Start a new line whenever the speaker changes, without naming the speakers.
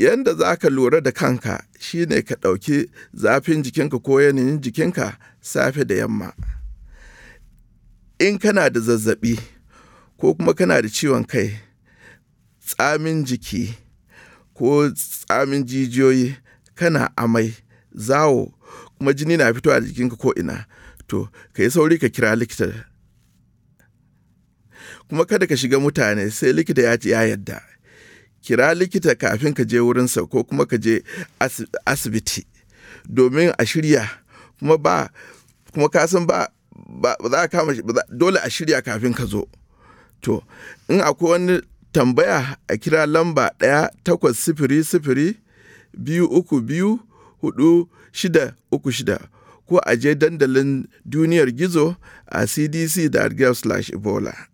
yadda za ka lura da kanka shine ka ɗauki zafin jikinka ko yanayin jikinka safe da yamma in kana da zazzaɓi ko kuma kana da ciwon kai tsamin jiki ko tsamin jijiyoyi kana amai zawo kuma jini na fitowa da jikinka ko ina to ka yi sauri ka kira likita kuma kada ka shiga mutane sai likita ya ji ya yadda kira likita kafin ka je wurinsa ko kuma ka je asibiti domin a shirya kuma ba kuma ka ba za kama dole a shirya kafin ka zo to in akwai wani tambaya a kira lamba ɗaya takwas sifiri sifiri biyu uku biyu hudu shida uku shida ko a je dandalin duniyar gizo a cdc.gov/ebola